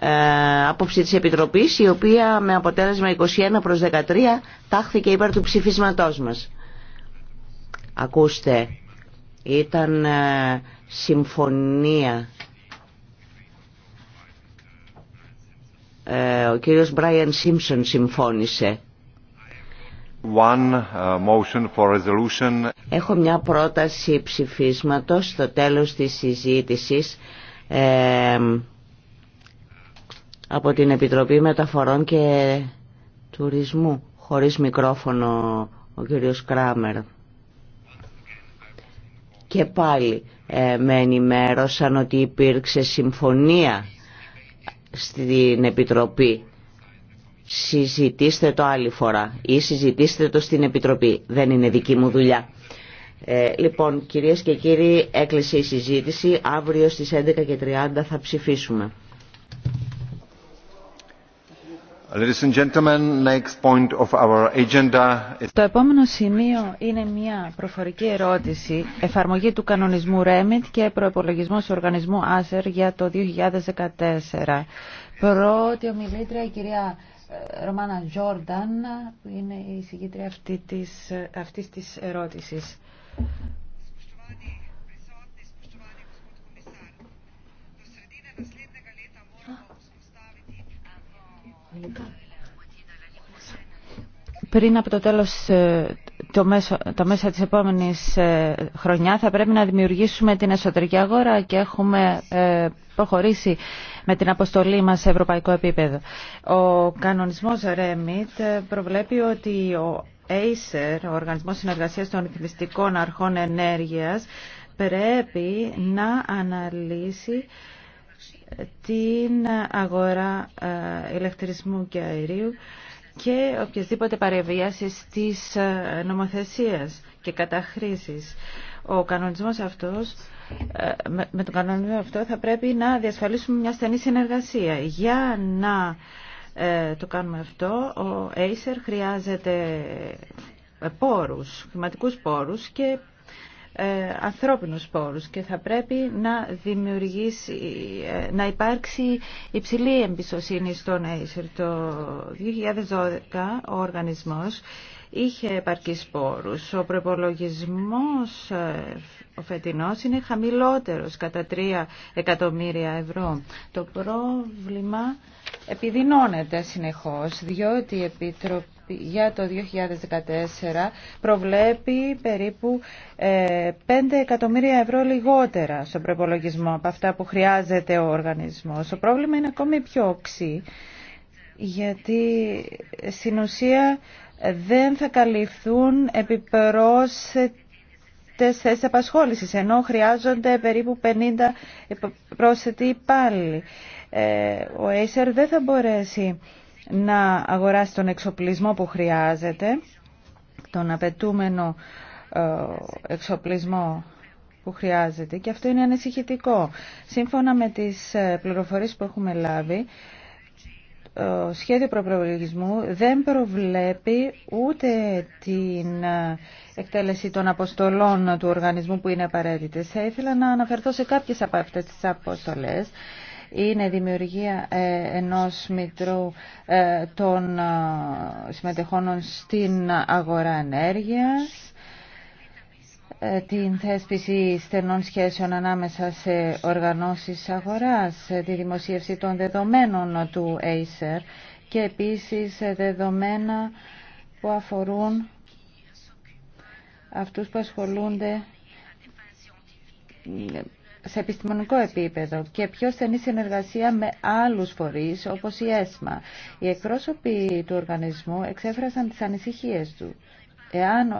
Ε, άποψη της Επιτροπής η οποία με αποτέλεσμα 21 προς 13 τάχθηκε υπέρ του ψηφίσματός μας. Ακούστε, ήταν ε, συμφωνία. Ε, ο κύριος Μπράιαν Σίμψον συμφώνησε. One uh, Έχω μια πρόταση ψηφίσματος στο τέλος της συζήτησης από την Επιτροπή Μεταφορών και Τουρισμού, χωρίς μικρόφωνο ο κύριος Κράμερ. Και πάλι ε, με ενημέρωσαν ότι υπήρξε συμφωνία στην Επιτροπή. Συζητήστε το άλλη φορά ή συζητήστε το στην Επιτροπή. Δεν είναι δική μου δουλειά. Ε, λοιπόν, κυρίες και κύριοι, έκλεισε η συζήτηση. Αύριο στις 11.30 θα ψηφίσουμε. Το επόμενο σημείο είναι μια προφορική ερώτηση εφαρμογή του κανονισμού REMIT και προπολογισμό του οργανισμού ASER για το 2014. Πρώτη ομιλήτρια η κυρία ε, Ρωμάνα Τζόρνταν που είναι η συγκήτρια αυτή της, ε, αυτής της ερώτησης. Πριν από το τέλος ε, το μέσο, μέσα της επόμενης ε, χρονιά θα πρέπει να δημιουργήσουμε την εσωτερική αγορά και έχουμε ε, προχωρήσει με την αποστολή μας σε ευρωπαϊκό επίπεδο. Ο κανονισμός REMIT προβλέπει ότι ο ACER, ο Οργανισμός Συνεργασίας των Ρυθμιστικών Αρχών Ενέργειας, πρέπει να αναλύσει την αγορά ε, ηλεκτρισμού και αερίου και οποιασδήποτε παρεμβιάσεις της ε, νομοθεσίας και καταχρήσεις. Ο κανονισμός αυτός, ε, με τον κανονισμό αυτό θα πρέπει να διασφαλίσουμε μια στενή συνεργασία. Για να το κάνουμε αυτό, ο Acer χρειάζεται πόρους, χρηματικούς πόρους και ε, ανθρώπινους πόρους και θα πρέπει να δημιουργήσει, ε, να υπάρξει υψηλή εμπιστοσύνη στον Acer. Το 2012 ο οργανισμός είχε επαρκή πόρους. Ο προπολογισμός ε, ο φετινός είναι χαμηλότερος κατά 3 εκατομμύρια ευρώ. Το πρόβλημα επιδεινώνεται συνεχώς διότι η Επιτροπή για το 2014 προβλέπει περίπου 5 ε, εκατομμύρια ευρώ λιγότερα στον προπολογισμό από αυτά που χρειάζεται ο οργανισμός. Το πρόβλημα είναι ακόμη πιο οξύ γιατί στην ουσία δεν θα καλυφθούν επιπρόσθετες θέσεις απασχόλησης, ενώ χρειάζονται περίπου 50 πρόσθετοι υπάλληλοι. Ε, ο Acer δεν θα μπορέσει να αγοράσει τον εξοπλισμό που χρειάζεται, τον απαιτούμενο ε, εξοπλισμό που χρειάζεται και αυτό είναι ανησυχητικό. Σύμφωνα με τις ε, πληροφορίες που έχουμε λάβει, το ε, σχέδιο προπολογισμού δεν προβλέπει ούτε την εκτέλεση των αποστολών του οργανισμού που είναι απαραίτητες. Θα ήθελα να αναφερθώ σε κάποιες από αυτές τις αποστολές είναι δημιουργία ε, ενός μητρού ε, των ε, συμμετεχόνων στην αγορά ενέργειας, την θέσπιση στενών σχέσεων ανάμεσα σε οργανώσεις αγοράς, τη δημοσίευση των δεδομένων του Acer και επίσης δεδομένα που αφορούν αυτούς που ασχολούνται σε επιστημονικό επίπεδο και πιο στενή συνεργασία με άλλους φορείς όπως η ΕΣΜΑ. Οι εκπρόσωποι του οργανισμού εξέφρασαν τις ανησυχίες του. Εάν ο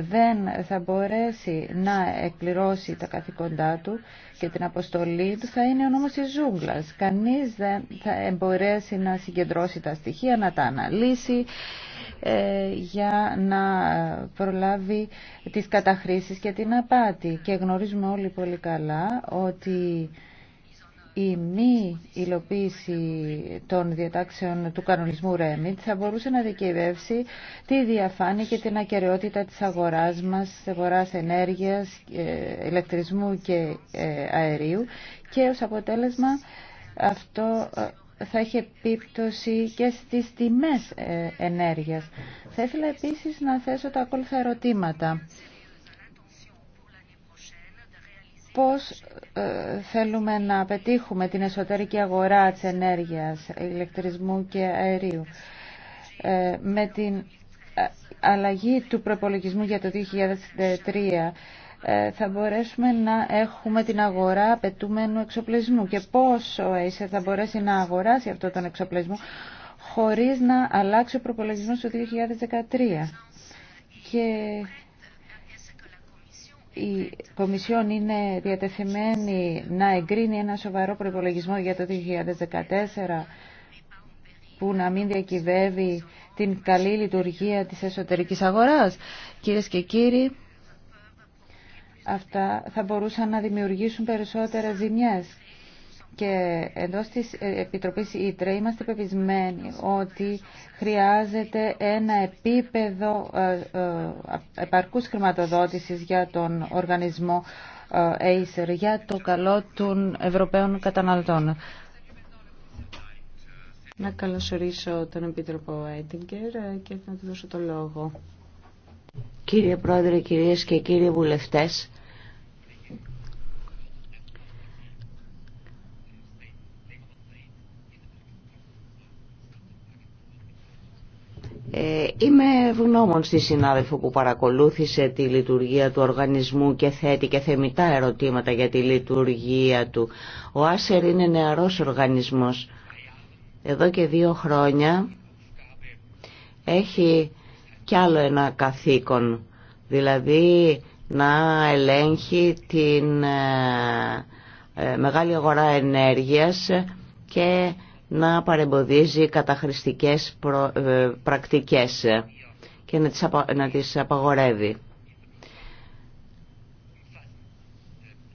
δεν θα μπορέσει να εκπληρώσει τα καθήκοντά του και την αποστολή του θα είναι ο νόμος της ζούγκλας. Κανείς δεν θα μπορέσει να συγκεντρώσει τα στοιχεία, να τα αναλύσει ε, για να προλάβει τις καταχρήσεις και την απάτη. Και γνωρίζουμε όλοι πολύ καλά ότι η μη υλοποίηση των διατάξεων του κανονισμού REMIT θα μπορούσε να δικαιοδεύσει τη διαφάνεια και την ακεραιότητα της αγοράς μας, της αγοράς ενέργειας, ε, ηλεκτρισμού και ε, αερίου και ως αποτέλεσμα αυτό ε, θα έχει επίπτωση και στις τιμές ενέργειας. Θα ήθελα επίσης να θέσω τα ακόλουθα ερωτήματα πώς ε, θέλουμε να πετύχουμε την εσωτερική αγορά της ενέργειας, ηλεκτρισμού και αερίου. Ε, με την ε, αλλαγή του προπολογισμού για το 2003 θα μπορέσουμε να έχουμε την αγορά απαιτούμενου εξοπλισμού και πώς ο ΕΙΣΕ θα μπορέσει να αγοράσει αυτό τον εξοπλισμό χωρίς να αλλάξει ο προπολογισμός του 2013. Και η Κομισιόν είναι διατεθειμένη να εγκρίνει ένα σοβαρό προπολογισμό για το 2014 που να μην διακυβεύει την καλή λειτουργία της εσωτερικής αγοράς. Κυρίες και κύριοι, αυτά θα μπορούσαν να δημιουργήσουν περισσότερες ζημιές και εντός της ε, Επιτροπής ΙΤΡΕ είμαστε πεπισμένοι ότι χρειάζεται ένα επίπεδο ε, ε, επαρκούς χρηματοδότησης για τον οργανισμό Acer, για το καλό των Ευρωπαίων καταναλωτών. Να καλωσορίσω τον Επίτροπο Έντιγκερ και να του δώσω το λόγο. Κύριε Πρόεδρε, κυρίες και κύριοι βουλευτές, Ε, είμαι ευγνώμων στη συνάδελφο που παρακολούθησε τη λειτουργία του οργανισμού και θέτει και θεμητά ερωτήματα για τη λειτουργία του. Ο Άσερ είναι νεαρός οργανισμός. Εδώ και δύο χρόνια έχει κι άλλο ένα καθήκον, δηλαδή να ελέγχει την ε, ε, μεγάλη αγορά ενέργειας και να παρεμποδίζει καταχρηστικές ε, πρακτικές και να τις απαγορεύει.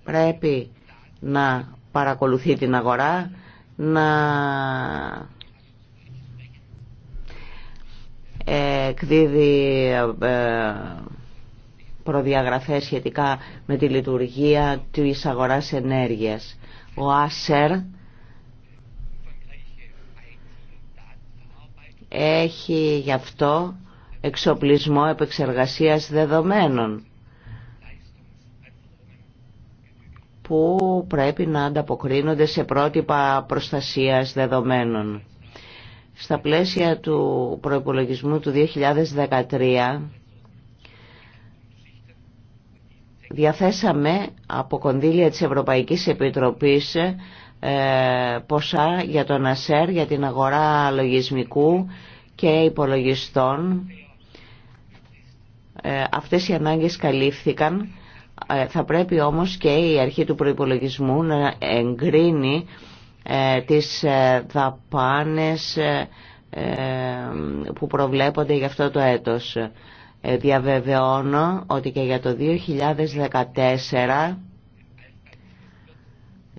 Πρέπει να παρακολουθεί την αγορά, να ε, εκδίδει ε, προδιαγραφές σχετικά με τη λειτουργία της αγοράς ενέργειας. Ο ΆΣΕΡ έχει γι' αυτό εξοπλισμό επεξεργασίας δεδομένων που πρέπει να ανταποκρίνονται σε πρότυπα προστασίας δεδομένων. Στα πλαίσια του προϋπολογισμού του 2013 διαθέσαμε από κονδύλια της Ευρωπαϊκής Επιτροπής ε, ποσά για τον ΑΣΕΡ, για την αγορά λογισμικού και υπολογιστών. Ε, αυτές οι ανάγκες καλύφθηκαν. Ε, θα πρέπει όμως και η αρχή του προϋπολογισμού να εγκρίνει τις δαπάνες που προβλέπονται για αυτό το έτος. Διαβεβαιώνω ότι και για το 2014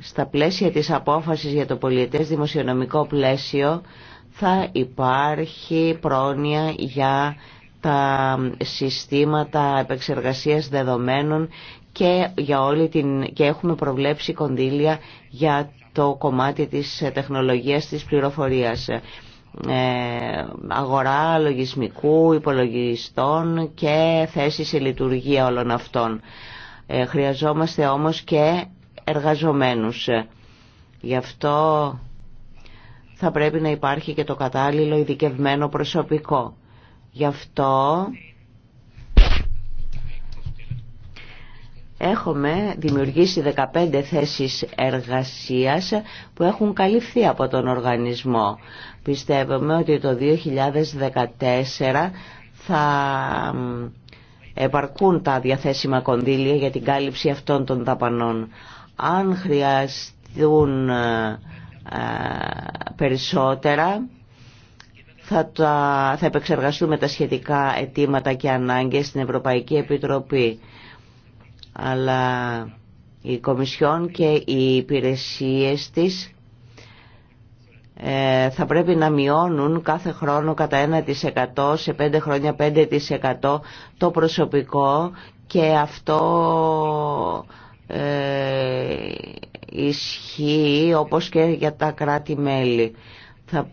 στα πλαίσια της απόφασης για το πολιετές δημοσιονομικό πλαίσιο θα υπάρχει πρόνοια για τα συστήματα επεξεργασίας δεδομένων και, για όλη την... και έχουμε προβλέψει κονδύλια για το κομμάτι της τεχνολογίας της πληροφορίας. Ε, αγορά λογισμικού, υπολογιστών και θέση σε λειτουργία όλων αυτών. Ε, χρειαζόμαστε όμως και εργαζομένους. Γι' αυτό θα πρέπει να υπάρχει και το κατάλληλο ειδικευμένο προσωπικό. Γι' αυτό έχουμε δημιουργήσει 15 θέσεις εργασίας που έχουν καλυφθεί από τον οργανισμό. Πιστεύουμε ότι το 2014 θα επαρκούν τα διαθέσιμα κονδύλια για την κάλυψη αυτών των δαπανών αν χρειαστούν ε, ε, περισσότερα θα, τα, θα επεξεργαστούμε τα σχετικά αιτήματα και ανάγκες στην Ευρωπαϊκή Επιτροπή. Αλλά η Κομισιόν και οι υπηρεσίες της ε, θα πρέπει να μειώνουν κάθε χρόνο κατά 1% σε 5 χρόνια 5% το προσωπικό και αυτό ε, ισχύει όπως και για τα κράτη-μέλη. Θα...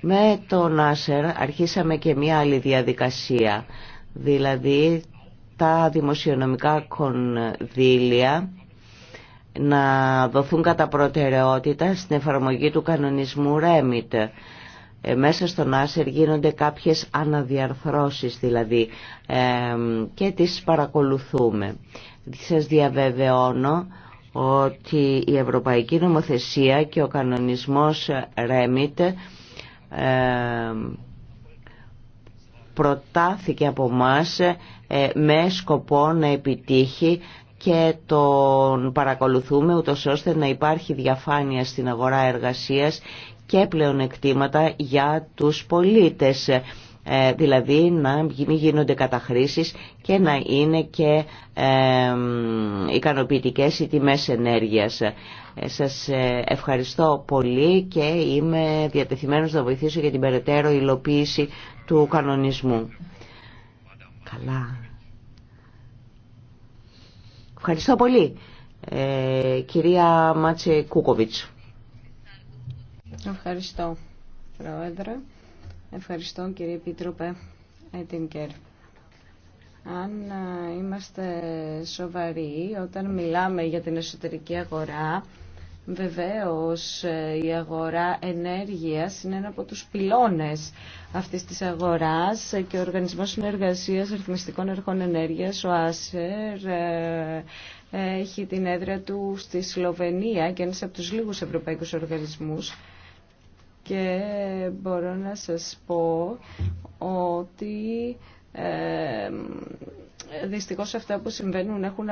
Με τον Άσερ αρχίσαμε και μία άλλη διαδικασία, δηλαδή τα δημοσιονομικά κονδύλια να δοθούν κατά προτεραιότητα στην εφαρμογή του κανονισμού REMIT ε, μέσα στον Άσερ γίνονται κάποιες αναδιαρθρώσεις δηλαδή και τις παρακολουθούμε. Σας διαβεβαιώνω ότι η Ευρωπαϊκή Νομοθεσία και ο κανονισμός REMIT προτάθηκε από μας ε, με σκοπό να επιτύχει και τον παρακολουθούμε ούτως ώστε να υπάρχει διαφάνεια στην αγορά εργασίας και πλεονεκτήματα για τους πολίτες ε, δηλαδή να μην γίνονται καταχρήσεις και να είναι και ικανοποιητικές οι τιμές ενέργειας. Ε, σας ε, ευχαριστώ πολύ και είμαι διατεθειμένος να βοηθήσω για την περαιτέρω υλοποίηση του κανονισμού. Καλά. Ευχαριστώ πολύ, ε, κυρία Μάτσε Κούκοβιτς. Ευχαριστώ, Πρόεδρε. Ευχαριστώ, κύριε Επίτροπε Έτιγκερ. Αν ε, είμαστε σοβαροί όταν μιλάμε για την εσωτερική αγορά, Βεβαίως ε, η αγορά ενέργειας είναι ένα από τους πυλώνες αυτής της αγοράς και ο Οργανισμός Συνεργασίας Ρυθμιστικών Ερχών Ενέργειας, ο ΆΣΕΡ, ε, έχει την έδρα του στη Σλοβενία και ένας από τους λίγους ευρωπαϊκούς οργανισμούς και μπορώ να σας πω ότι ε, δυστυχώς αυτά που συμβαίνουν έχουν,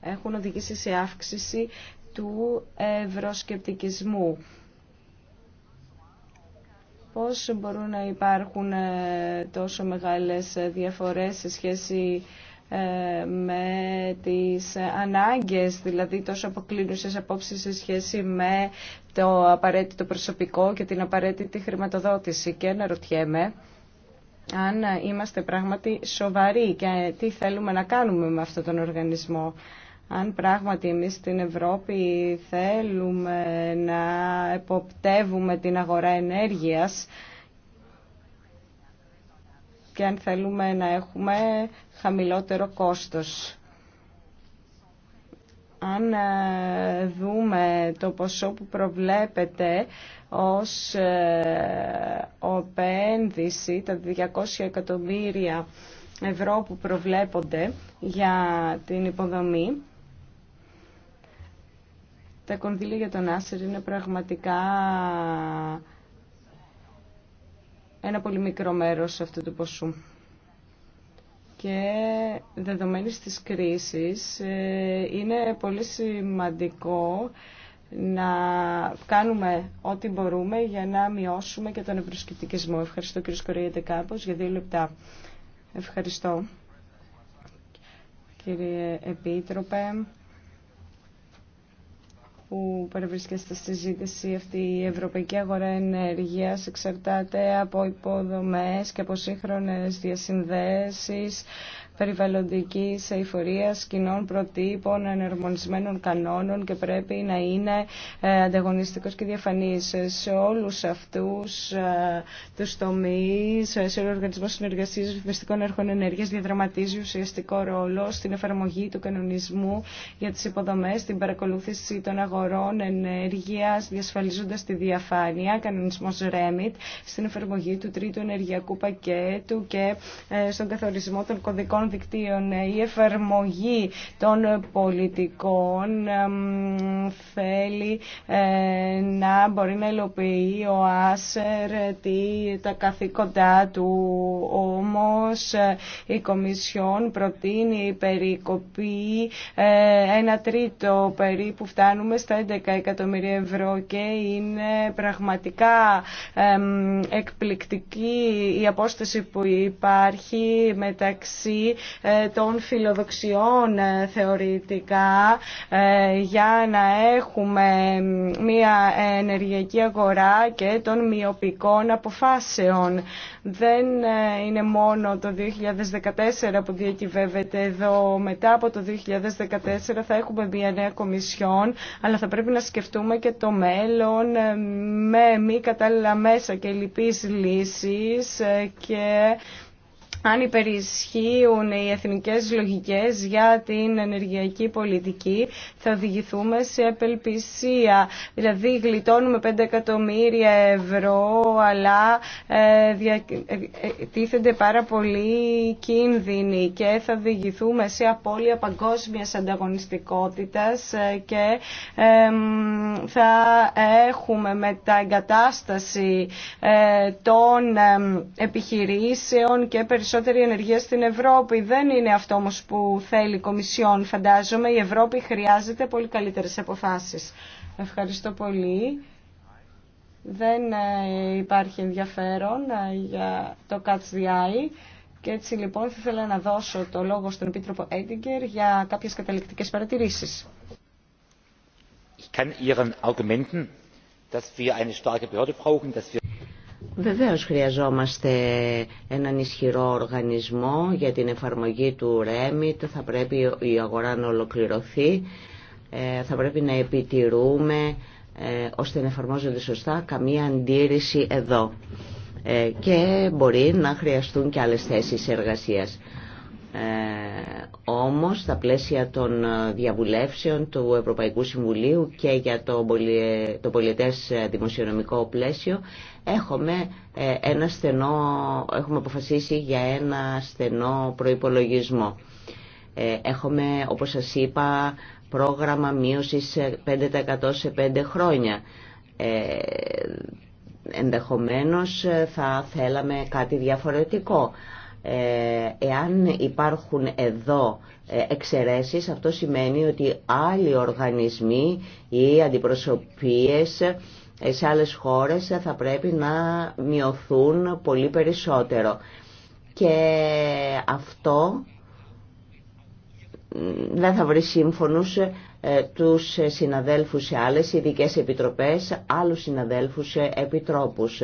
έχουν οδηγήσει σε αύξηση του ευρωσκεπτικισμού. Πώς μπορούν να υπάρχουν ε, τόσο μεγάλες διαφορές σε σχέση ε, με τις ανάγκες, δηλαδή τόσο αποκλίνουσες απόψεις σε σχέση με το απαραίτητο προσωπικό και την απαραίτητη χρηματοδότηση. Και αναρωτιέμαι, αν είμαστε πράγματι σοβαροί και τι θέλουμε να κάνουμε με αυτόν τον οργανισμό. Αν πράγματι εμείς στην Ευρώπη θέλουμε να εποπτεύουμε την αγορά ενέργειας και αν θέλουμε να έχουμε χαμηλότερο κόστος αν ε, δούμε το ποσό που προβλέπεται ως ε, επένδυση, τα 200 εκατομμύρια ευρώ που προβλέπονται για την υποδομή, τα κονδύλια για τον Άσερ είναι πραγματικά ένα πολύ μικρό μέρος αυτού του ποσού και δεδομένης της κρίσης ε, είναι πολύ σημαντικό να κάνουμε ό,τι μπορούμε για να μειώσουμε και τον ευρωσκεπτικισμό. Ευχαριστώ κύριε Σκορίεντε Κάπος για δύο λεπτά. Ευχαριστώ. Κύριε Επίτροπε, που παρευρίσκεστε στη συζήτηση αυτή η ευρωπαϊκή αγορά ενέργειας εξαρτάται από υποδομές και από σύγχρονες διασυνδέσεις περιβαλλοντικής εφορίας κοινών προτύπων, ενερμονισμένων κανόνων και πρέπει να είναι ε, ανταγωνιστικός και διαφανής σε όλους αυτούς ε, τους τομείς, ε, σε ο Οργανισμό Συνεργασίας Ρυθμιστικών Έρχων Ενέργειας διαδραματίζει ουσιαστικό ρόλο στην εφαρμογή του κανονισμού για τις υποδομές, την παρακολούθηση των αγορών ενέργειας, διασφαλίζοντας τη διαφάνεια, κανονισμός REMIT, στην εφαρμογή του τρίτου ενεργειακού πακέτου και στον καθορισμό των κωδικών δικτύων, ε, η εφαρμογή των πολιτικών θέλει ε, να μπορεί να υλοποιεί ο Άσερ τα καθήκοντά του. Όμως ε, η Κομισιόν προτείνει περικοπή ένα τρίτο περίπου φτάνουμε στα 11 εκατομμύρια ευρώ και είναι πραγματικά εκπληκτική η απόσταση που υπάρχει μεταξύ ε, των φιλοδοξιών ε, θεωρητικά ε, για να έχουμε μια ενεργειακή αγορά και των μειοπικών αποφάσεων. Δεν είναι μόνο το 2014 που διακυβεύεται εδώ. Μετά από το 2014 θα έχουμε μια νέα κομισιόν, αλλά θα πρέπει να σκεφτούμε και το μέλλον με μη κατάλληλα μέσα και λυπής λύσεις και αν υπερισχύουν οι εθνικές λογικές για την ενεργειακή πολιτική, θα οδηγηθούμε σε απελπισία. Δηλαδή γλιτώνουμε 5 εκατομμύρια ευρώ, αλλά ε, ε, ε τίθενται πάρα πολύ κίνδυνοι και θα οδηγηθούμε σε απώλεια παγκόσμιας ανταγωνιστικότητας ε, και θα έχουμε με τα εγκατάσταση των επιχειρήσεων και περισσότερων περισσότερη ενεργεία στην Ευρώπη. Δεν είναι αυτό όμω που θέλει η Κομισιόν, φαντάζομαι. Η Ευρώπη χρειάζεται πολύ καλύτερε αποφάσει. Ευχαριστώ πολύ. Δεν ε, υπάρχει ενδιαφέρον ε, για το Catch the Eye. Και έτσι λοιπόν θα ήθελα να δώσω το λόγο στον Επίτροπο Έντιγκερ για κάποιες καταληκτικές παρατηρήσεις. Ich kann Ihren Argumenten, dass wir eine starke Behörde brauchen, dass wir Βεβαίως χρειαζόμαστε έναν ισχυρό οργανισμό για την εφαρμογή του REMIT, θα πρέπει η αγορά να ολοκληρωθεί, ε, θα πρέπει να επιτηρούμε ε, ώστε να εφαρμόζονται σωστά καμία αντίρρηση εδώ ε, και μπορεί να χρειαστούν και άλλες θέσεις εργασίας. Ε, όμως στα πλαίσια των ε, διαβουλεύσεων του Ευρωπαϊκού Συμβουλίου και για το, πολυε, το ε, δημοσιονομικό πλαίσιο έχουμε, ε, ένα στενό, έχουμε αποφασίσει για ένα στενό προϋπολογισμό. έχουμε, όπως σας είπα, πρόγραμμα μείωσης 5% σε 5 χρόνια. Ε, ενδεχομένως θα θέλαμε κάτι διαφορετικό ε, εάν υπάρχουν εδώ ε, εξαιρέσεις, αυτό σημαίνει ότι άλλοι οργανισμοί ή αντιπροσωπείες ε, σε άλλες χώρες θα πρέπει να μειωθούν πολύ περισσότερο. Και αυτό δεν θα βρει σύμφωνους τους συναδέλφους σε άλλες ειδικές επιτροπές, άλλους συναδέλφους σε επιτρόπους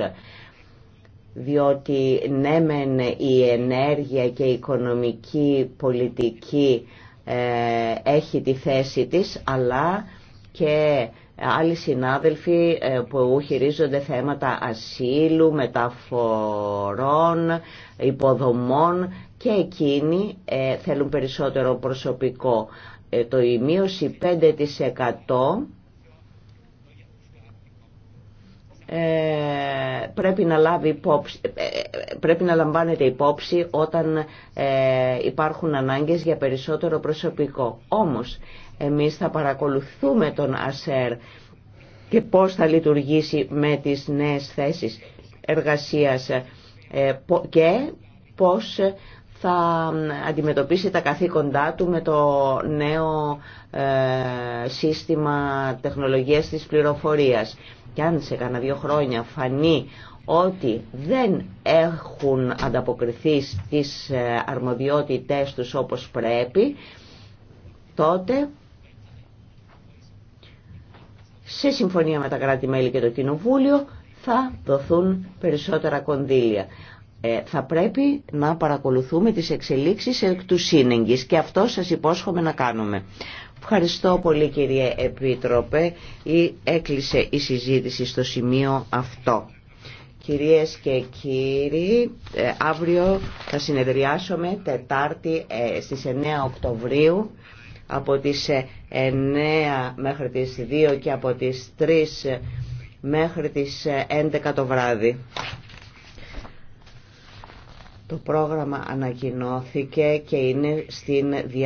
διότι ναι μεν η ενέργεια και η οικονομική πολιτική ε, έχει τη θέση της αλλά και άλλοι συνάδελφοι ε, που χειρίζονται θέματα ασύλου, μεταφορών, υποδομών και εκείνοι ε, θέλουν περισσότερο προσωπικό. Το η 5% Ε, πρέπει να, λάβει υπόψη, ε, ε, πρέπει να λαμβάνεται υπόψη όταν υπάρχουν ανάγκες για περισσότερο προσωπικό. Όμως, εμείς θα παρακολουθούμε τον ΑΣΕΡ και πώς θα λειτουργήσει με τις νέες θέσεις εργασίας και πώς θα αντιμετωπίσει τα καθήκοντά του με το νέο ε, σύστημα τεχνολογίας της πληροφορίας. Και αν σε κανένα δύο χρόνια φανεί ότι δεν έχουν ανταποκριθεί στις ε, αρμοδιότητές τους όπως πρέπει, τότε σε συμφωνία με τα κράτη-μέλη και το Κοινοβούλιο θα δοθούν περισσότερα κονδύλια. Ε, θα πρέπει να παρακολουθούμε τις εξελίξεις εκ του σύνεγγης και αυτό σας υπόσχομαι να κάνουμε. Ευχαριστώ πολύ κύριε Επίτροπε ή έκλεισε η συζήτηση στο σημείο αυτό. Κυρίες και κύριοι, ε, αύριο θα συνεδριάσουμε Τετάρτη ε, στις 9 Οκτωβρίου από τις 9 μέχρι τις 2 και από τις 3 μέχρι τις 11 το βράδυ. Το πρόγραμμα ανακοινώθηκε και είναι στην διάρκεια